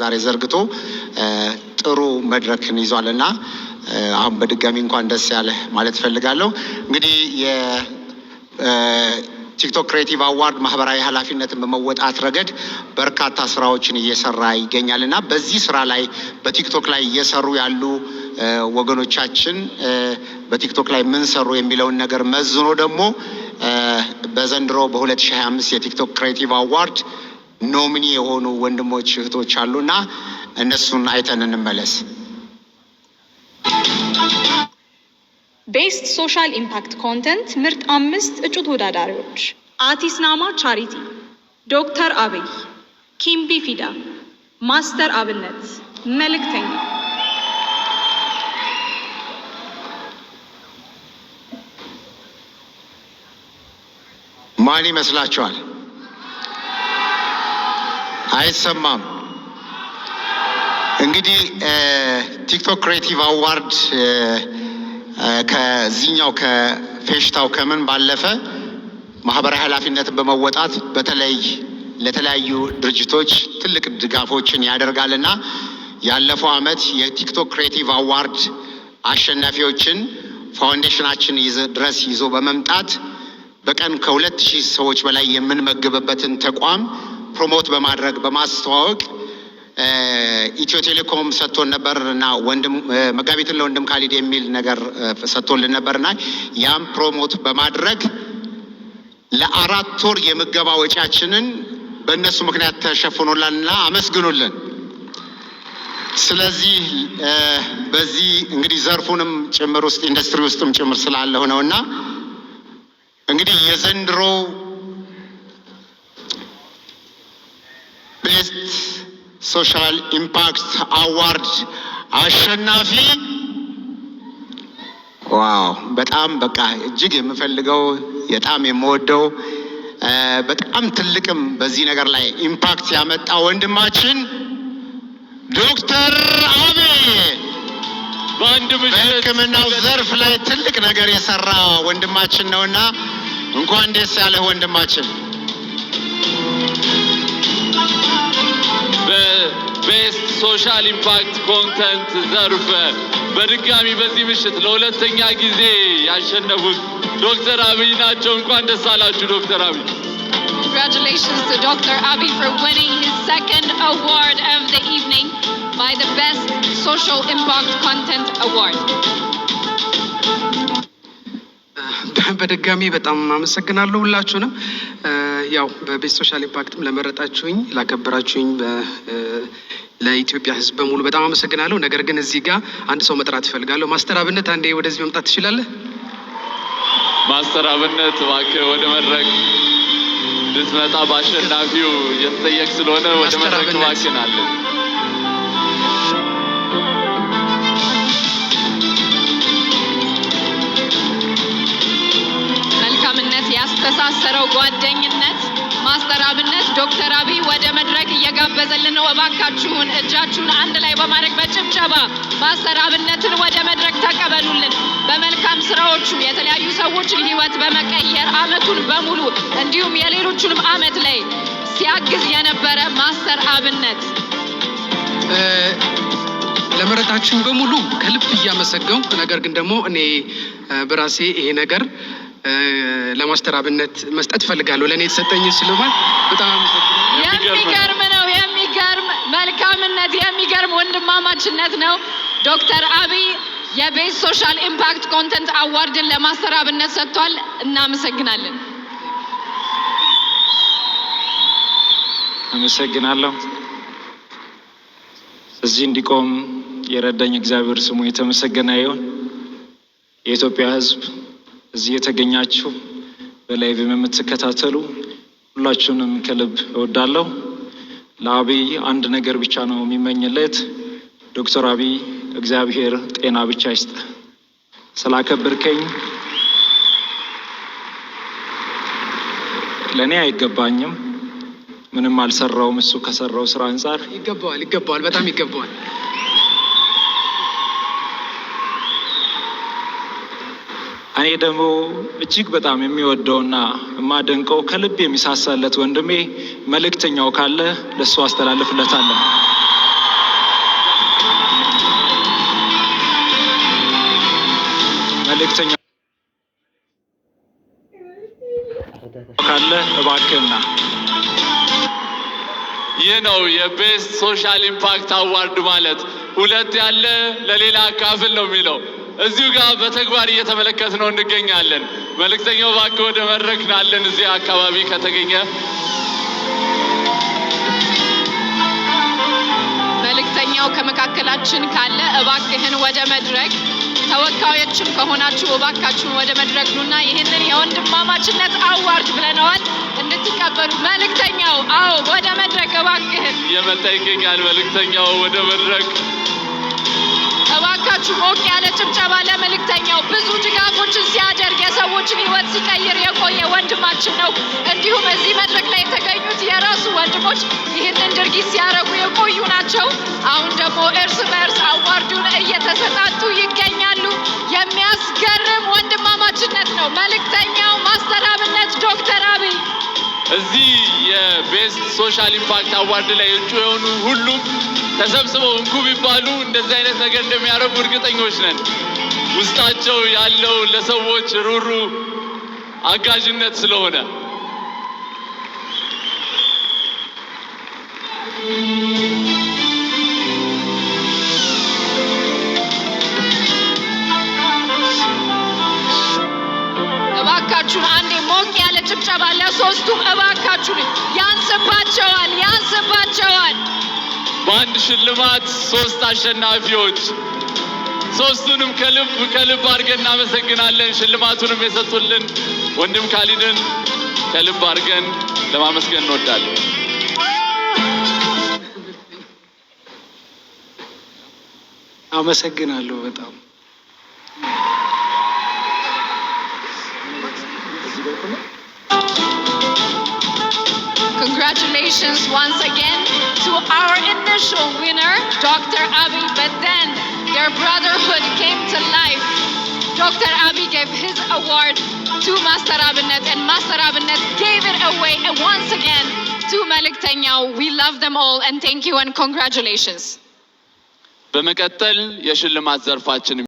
ዛሬ ዘርግቶ ጥሩ መድረክን ይዟል እና አሁን በድጋሚ እንኳን ደስ ያለ ማለት እፈልጋለሁ። እንግዲህ የቲክቶክ ክሬቲቭ አዋርድ ማህበራዊ ኃላፊነትን በመወጣት ረገድ በርካታ ስራዎችን እየሰራ ይገኛል እና በዚህ ስራ ላይ በቲክቶክ ላይ እየሰሩ ያሉ ወገኖቻችን በቲክቶክ ላይ ምን ሰሩ የሚለውን ነገር መዝኖ ደግሞ በዘንድሮ በ2025 የቲክቶክ ክሬቲቭ አዋርድ ኖሚኒ የሆኑ ወንድሞች እህቶች አሉና እነሱን አይተን እንመለስ። ቤስት ሶሻል ኢምፓክት ኮንተንት ምርጥ አምስት እጩ ተወዳዳሪዎች ናማ ቻሪቲ፣ ዶክተር አብይ፣ ኪምቢ ፊዳ፣ ማስተር አብነት፣ መልእክተኛ ማን ይመስላችኋል? አይሰማም። እንግዲህ ቲክቶክ ክሬቲቭ አዋርድ ከዚህኛው ከፌሽታው ከምን ባለፈ ማህበራዊ ኃላፊነትን በመወጣት በተለይ ለተለያዩ ድርጅቶች ትልቅ ድጋፎችን ያደርጋልና ያለፈው ዓመት የቲክቶክ ክሬቲቭ አዋርድ አሸናፊዎችን ፋውንዴሽናችን ድረስ ይዞ በመምጣት በቀን ከሁለት ሺህ ሰዎች በላይ የምንመግብበትን ተቋም ፕሮሞት በማድረግ በማስተዋወቅ ኢትዮ ቴሌኮም ሰጥቶን ነበር እና ወንድም መጋቢትን ለወንድም ካሊድ የሚል ነገር ሰጥቶልን ነበር እና ያም ፕሮሞት በማድረግ ለአራት ወር የምገባ ወጪያችንን በእነሱ ምክንያት ተሸፍኖላንና አመስግኑልን። ስለዚህ በዚህ እንግዲህ ዘርፉንም ጭምር ውስጥ ኢንዱስትሪ ውስጥም ጭምር ስላለሁ ነው እና እንግዲህ የዘንድሮ ሶሻል ኢምፓክት አዋርድ አሸናፊ ዋው! በጣም በቃ እጅግ የምፈልገው በጣም የምወደው በጣም ትልቅም በዚህ ነገር ላይ ኢምፓክት ያመጣ ወንድማችን ዶክተር አብይ በሕክምናው ዘርፍ ላይ ትልቅ ነገር የሰራ ወንድማችን ነውና እንኳን ደስ ያለህ ወንድማችን። በቤስት ሶሻል ኢምፓክት ኮንተንት ዘርፍ በድጋሚ በዚህ ምሽት ለሁለተኛ ጊዜ ያሸነፉት ዶክተር አብይ ናቸው። እንኳን ደስ አላችሁ ዶክተር አብይ። Congratulations to Dr. Abiy for winning his second award of the evening by the Best Social Impact Content Award. በድጋሚ በጣም አመሰግናለሁ ሁላችሁንም። ያው በቤስት ሶሻል ኢምፓክትም ለመረጣችሁኝ ላከበራችሁኝ ለኢትዮጵያ ሕዝብ በሙሉ በጣም አመሰግናለሁ። ነገር ግን እዚህ ጋር አንድ ሰው መጥራት እፈልጋለሁ። ማስተር አብነት አንዴ ወደዚህ መምጣት ትችላለህ? ማስተር አብነት እባክህ ወደ መድረክ እንድትመጣ በአሸናፊው እየተጠየቅ ስለሆነ ወደ መድረክ እባክህ ናለን ነው። እባካችሁን እጃችሁን አንድ ላይ በማድረግ በጭብጨባ ማስተር አብነትን ወደ መድረክ ተቀበሉልን። በመልካም ስራዎቹ የተለያዩ ሰዎችን ህይወት በመቀየር አመቱን በሙሉ እንዲሁም የሌሎቹንም አመት ላይ ሲያግዝ የነበረ ማስተር አብነት ለመረጣችሁ በሙሉ ከልብ እያመሰገንኩ ነገር ግን ደግሞ እኔ በራሴ ይሄ ነገር ለማስተር አብነት መስጠት እፈልጋለሁ። ለእኔ የተሰጠኝ ስለሆነ በጣም የሚገርም ነው። መልካምነት የሚገርም ወንድማማችነት ነው። ዶክተር አብይ የቤስት ሶሻል ኢምፓክት ኮንተንት አዋርድን ለማስተራብነት ሰጥቷል። እናመሰግናለን። አመሰግናለሁ። እዚህ እንዲቆም የረዳኝ እግዚአብሔር ስሙ የተመሰገነ ይሁን። የኢትዮጵያ ሕዝብ እዚህ የተገኛችሁ በላይቭ የምትከታተሉ ሁላችሁንም ከልብ እወዳለሁ። ለአብይ አንድ ነገር ብቻ ነው የሚመኝለት። ዶክተር አብይ እግዚአብሔር ጤና ብቻ ይስጥ። ስላከብርከኝ ለእኔ አይገባኝም። ምንም አልሰራውም። እሱ ከሰራው ስራ አንጻር ይገባዋል፣ ይገባዋል፣ በጣም ይገባዋል። እኔ ደግሞ እጅግ በጣም የሚወደውና የማደንቀው ከልብ የሚሳሳለት ወንድሜ መልእክተኛው ካለ ለእሱ አስተላልፍለታለሁ። መልእክተኛው ካለ እባክህና ይህ ነው የቤስት ሶሻል ኢምፓክት አዋርድ ማለት። ሁለት ያለ ለሌላ አካፍል ነው የሚለው እዚሁ ጋር በተግባር እየተመለከት ነው እንገኛለን። መልእክተኛው እባክህ ወደ መድረክ ናለን እዚህ አካባቢ ከተገኘ መልእክተኛው ከመካከላችን ካለ እባክህን ወደ መድረክ ተወካዮችም ከሆናችሁ እባካችሁን ወደ መድረክ ኑና ይህንን የወንድማማችነት አዋርድ ብለነዋል እንድትቀበሉ። መልእክተኛው አዎ፣ ወደ መድረክ እባክህን። የመጣ ይገኛል። መልእክተኛው ወደ መድረክ ሰዎች ሞቅ ያለ ጭብጨባ ለመልእክተኛው ብዙ ድጋፎችን ሲያደርግ የሰዎችን ህይወት ሲቀይር የቆየ ወንድማችን ነው። እንዲሁም እዚህ መድረክ ላይ የተገኙት የራሱ ወንድሞች ይህንን ድርጊት ሲያደርጉ የቆዩ ናቸው። አሁን ደግሞ እርስ በእርስ አዋርዱን እየተሰጣጡ ይገኛሉ። የሚያስገርም ወንድማማችነት ነው። መልእክተኛው ማስተር አብነት ዶክተር እዚህ የቤስት ሶሻል ኢምፓክት አዋርድ ላይ እጩ የሆኑ ሁሉም ተሰብስበው እንኩ ቢባሉ እንደዚህ አይነት ነገር እንደሚያደርጉ እርግጠኞች ነን። ውስጣቸው ያለው ለሰዎች ሩሩ አጋዥነት ስለሆነ Thank you. ጭብጨባ ለሶስቱ እባካችሁ ያንስባቸዋል፣ ያንስባቸዋል። በአንድ ሽልማት ሶስት አሸናፊዎች ሶስቱንም ከልብ ከልብ አድርገን እናመሰግናለን። ሽልማቱንም የሰጡልን ወንድም ካሊድን ከልብ አድርገን ለማመስገን እንወዳለን። አመሰግናለሁ በጣም Congratulations once again to our initial winner, Dr. Abi. But then their brotherhood came to life. Dr. Abi gave his award to Master Abinet, and Master Abinet gave it away and once again to Malik Tanyao. We love them all, and thank you and congratulations.